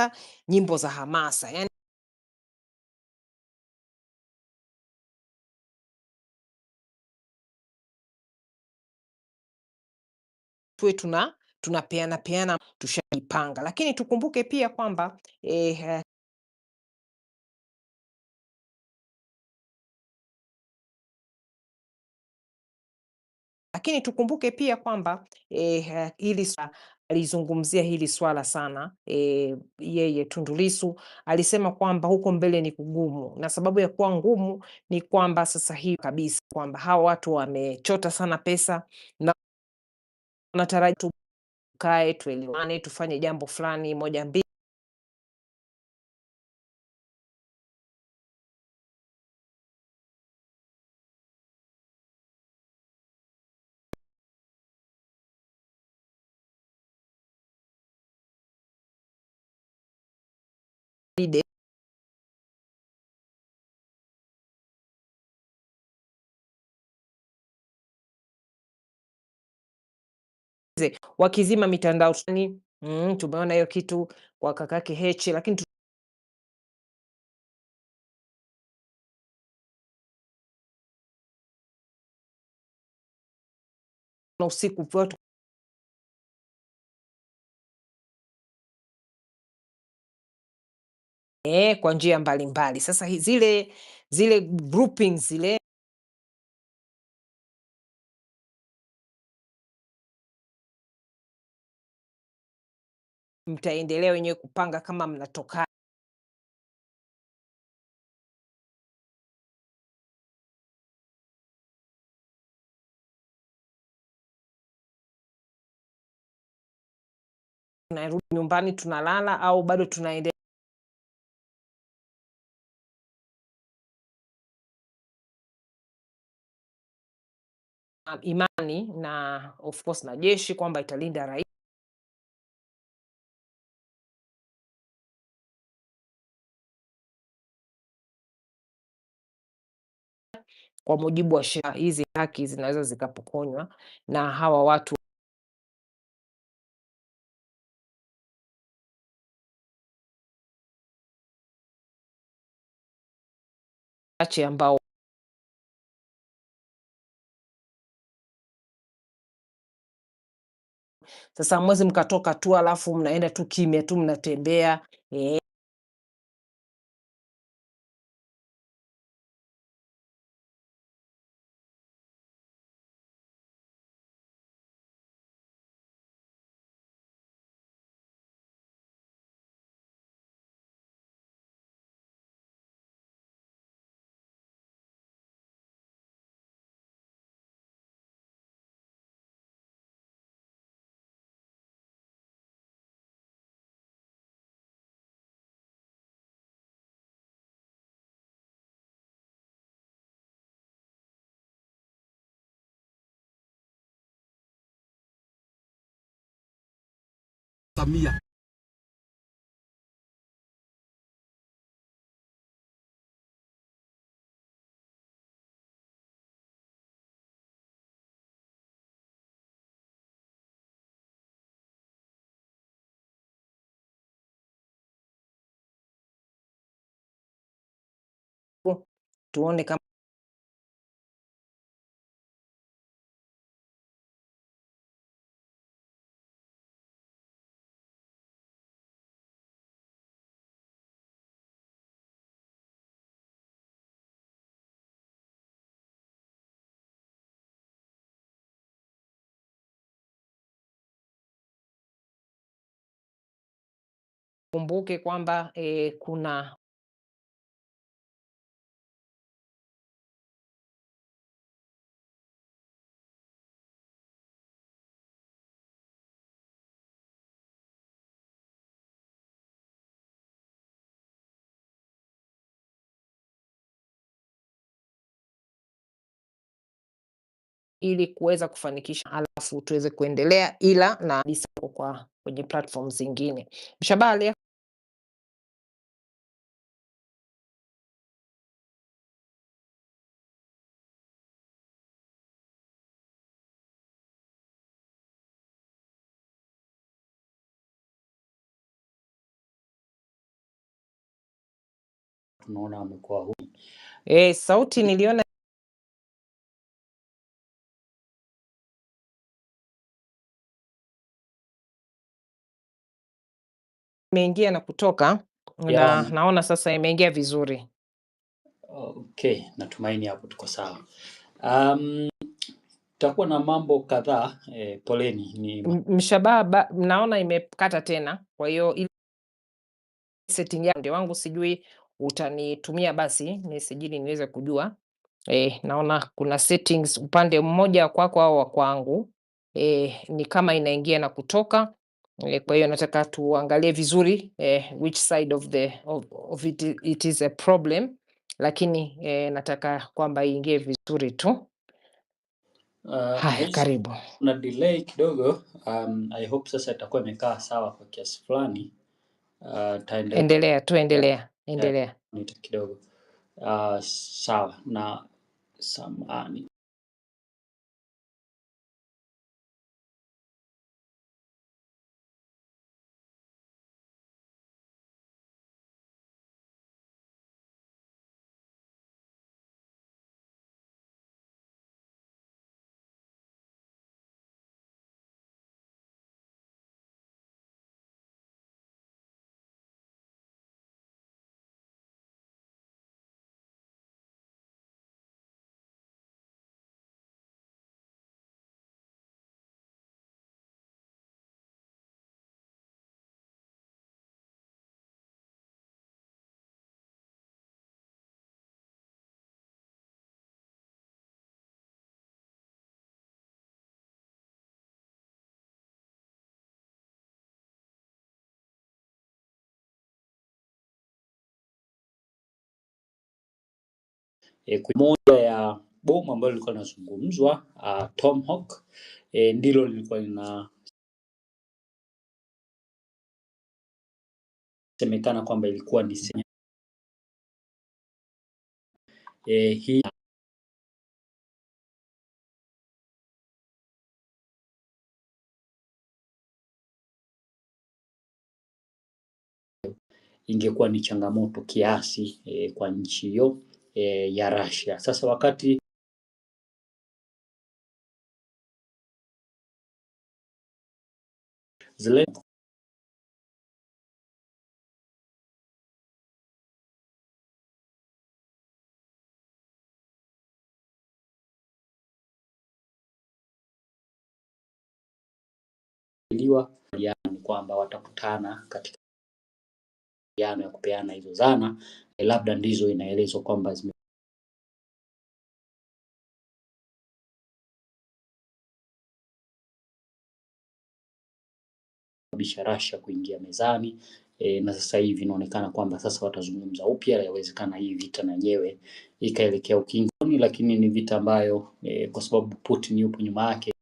hata nyimbo za hamasa yani tuwe tuna tunapeana peana tushajipanga, lakini tukumbuke pia kwamba eh, Lakini tukumbuke pia kwamba eh, hili alizungumzia hili swala sana e, yeye tundulisu alisema kwamba huko mbele ni kugumu, na sababu ya kuwa ngumu ni kwamba sasa hii kabisa kwamba hawa watu wamechota sana pesa na natarajia tukae tuelewane, tufanye jambo fulani moja mbili idée. wakizima mitandao tani mm, tumeona hiyo kitu kwa kakake Heche, lakini usiku watu e, kwa njia mbalimbali. Sasa zile zile grouping zile mtaendelea wenyewe kupanga kama mnatoka tunarudi nyumbani tunalala au bado tunaendelea imani na of course na jeshi kwamba italinda raia kwa mujibu wa sheria hizi haki zinaweza zikapokonywa na hawa watu wachache ambao Sasa mwezi mkatoka tu, alafu mnaenda tu kimya tu mnatembea e, samia tuone kama Kumbuke kwamba e, kuna ili kuweza kufanikisha, alafu tuweze kuendelea, ila na kwa kwenye platform zingine. Mshabalia tunaona mkoa huu. E, eh, sauti niliona imeingia na kutoka yeah. Na, naona sasa imeingia vizuri. Okay, natumaini hapo tuko sawa. Um, tutakuwa na mambo kadhaa eh, poleni ni... mshababa naona imekata tena, kwa hiyo ili setting ndio wangu sijui utanitumia basi nisijili niweze kujua e, naona kuna settings upande mmoja kwako au wa kwangu e, ni kama inaingia na kutoka e, kwa hiyo nataka tuangalie vizuri e, which side of the of, of it, it is a problem lakini e, nataka kwamba iingie vizuri tu. Uh, Hai, karibu. Kuna delay kidogo. Um, I hope sasa itakuwa imekaa sawa kwa kiasi fulani. Uh, endelea tu, endelea. Endelea. Kidogo. Uh, sawa na samani e, moja ya bomu ambalo lilikuwa linazungumzwa uh, Tomahawk e, ndilo lilikuwa lina semekana kwamba ilikuwa ni e, hii ingekuwa ni changamoto kiasi e, kwa nchi hiyo e, ya Russia. Sasa wakati Zelensky kwamba watakutana katika makubaliano ya kupeana hizo zana e, labda ndizo inaelezwa kwamba zime bisha rasha kuingia mezani e, na sasa hivi inaonekana kwamba sasa watazungumza upya. Yawezekana hii vita na yenyewe ikaelekea ukingoni, lakini ni vita ambayo e, kwa sababu Putin yupo nyuma yake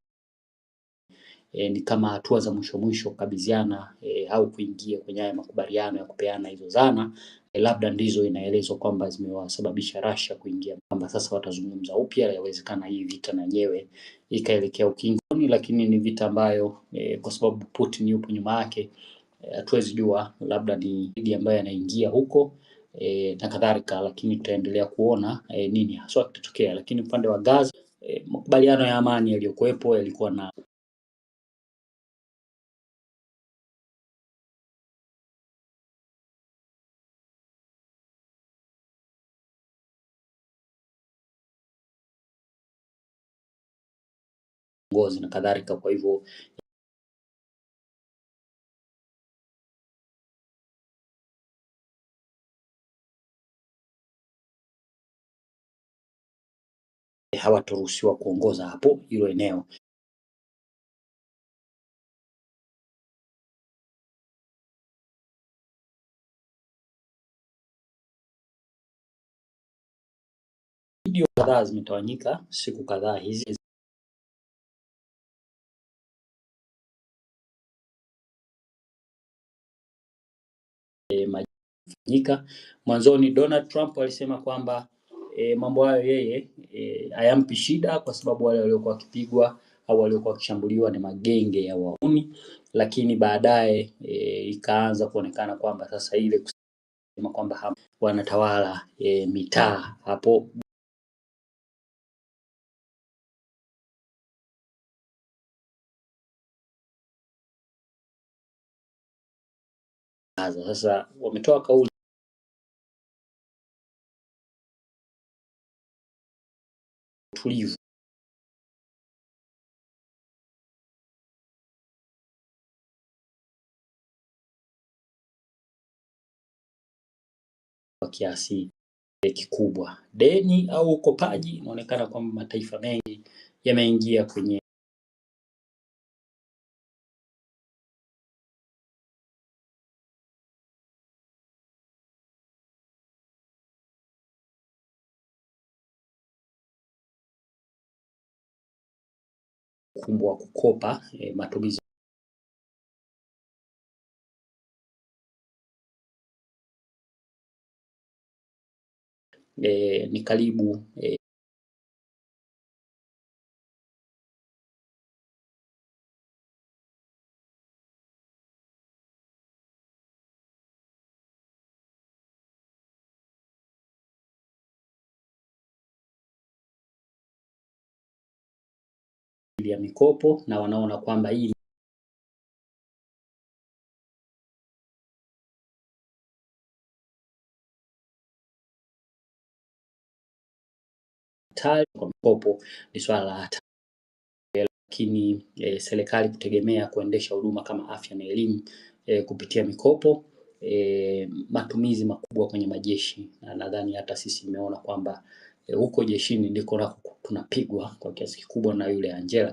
e, ni kama hatua za mwisho mwisho kukabidhiana e, au kuingia kwenye haya makubaliano ya kupeana hizo zana e, labda ndizo inaelezwa kwamba zimewasababisha Russia kuingia, kwamba sasa watazungumza upya, yawezekana hii vita na yenyewe ikaelekea ukingoni, lakini ni vita ambayo e, kwa sababu Putin yupo nyuma yake e, hatuwezi e, jua labda ni idi ambayo anaingia huko e, na kadhalika, lakini tutaendelea kuona e, nini haswa kitatokea. Lakini upande wa Gaza e, makubaliano ya amani yaliyokuwepo yalikuwa na ngozi na kadhalika. Kwa hivyo hawataruhusiwa kuongoza hapo hilo eneo. Video kadhaa zimetawanyika siku kadhaa hizi e, majifanyika mwanzoni. Donald Trump alisema kwamba e, mambo hayo yeye e, hayampi shida kwa sababu wale waliokuwa wakipigwa au waliokuwa wakishambuliwa ni magenge ya wauni, lakini baadaye e, ikaanza kuonekana kwamba sasa ile kusema kwamba wanatawala e, mitaa hapo kuwakataza. Sasa wametoa kauli tulivu kwa kiasi kikubwa. Deni au ukopaji, inaonekana kwamba mataifa mengi yameingia kwenye kumbwa kukopa e, matumizi e, ni karibu e, ya mikopo na wanaona kwamba hii kwa mikopo ni swala la hatari, lakini e, serikali kutegemea kuendesha huduma kama afya na elimu e, kupitia mikopo e, matumizi makubwa kwenye majeshi, na nadhani hata sisi imeona kwamba E, huko jeshini ndiko nako tunapigwa kwa kiasi kikubwa na yule Angela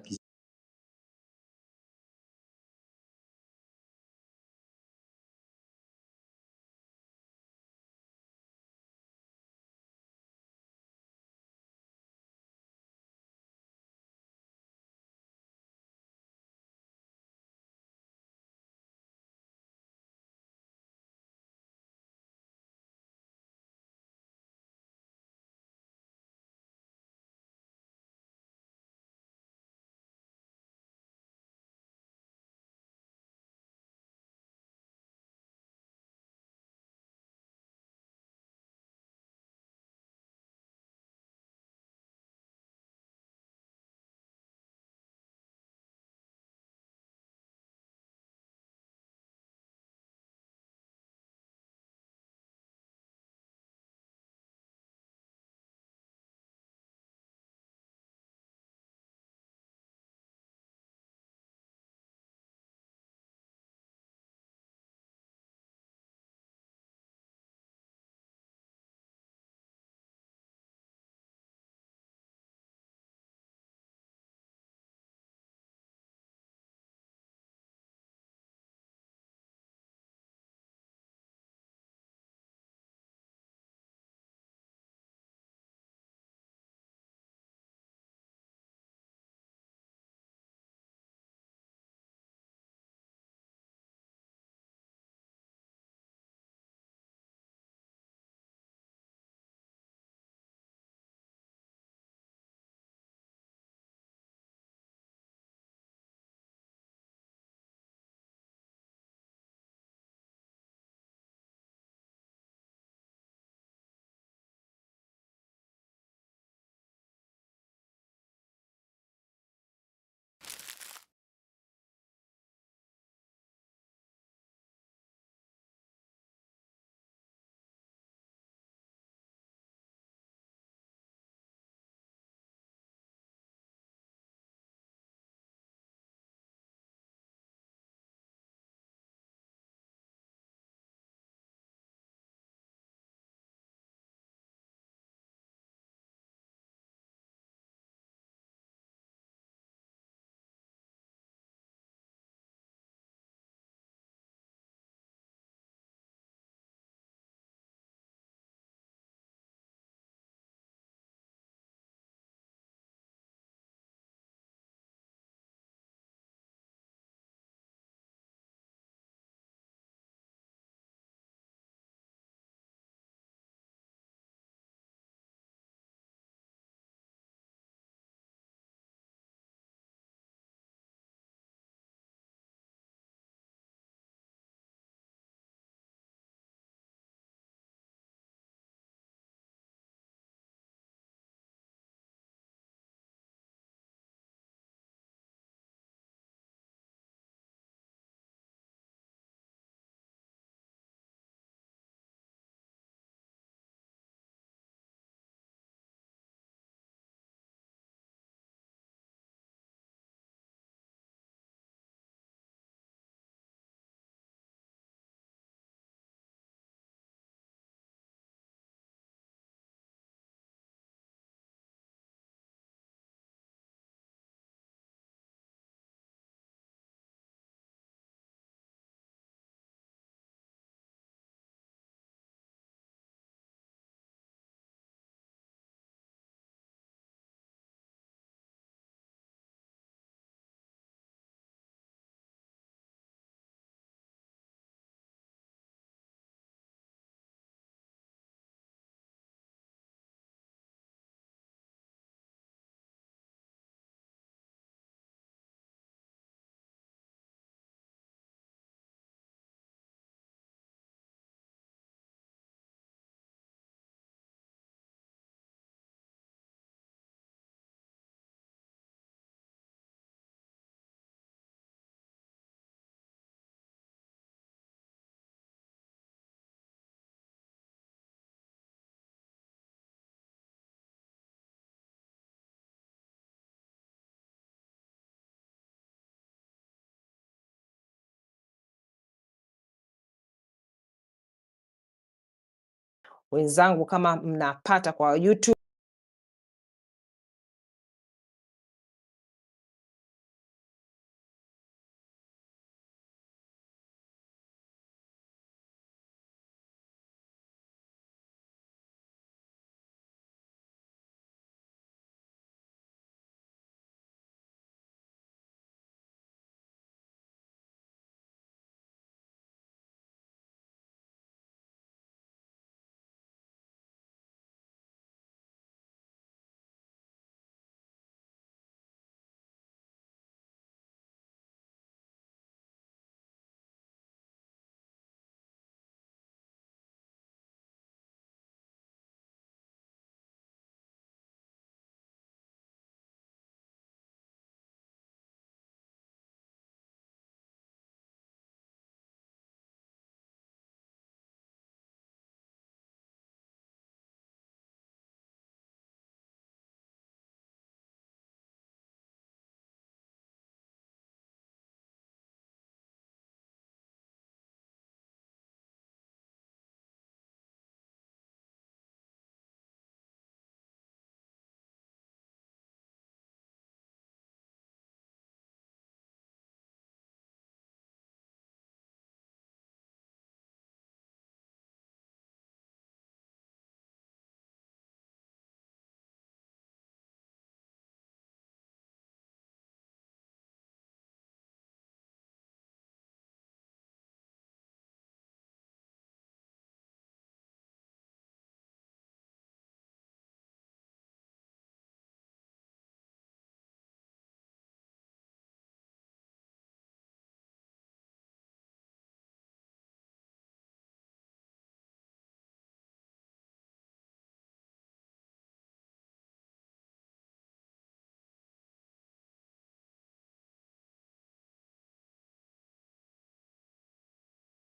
wenzangu, kama mnapata kwa YouTube.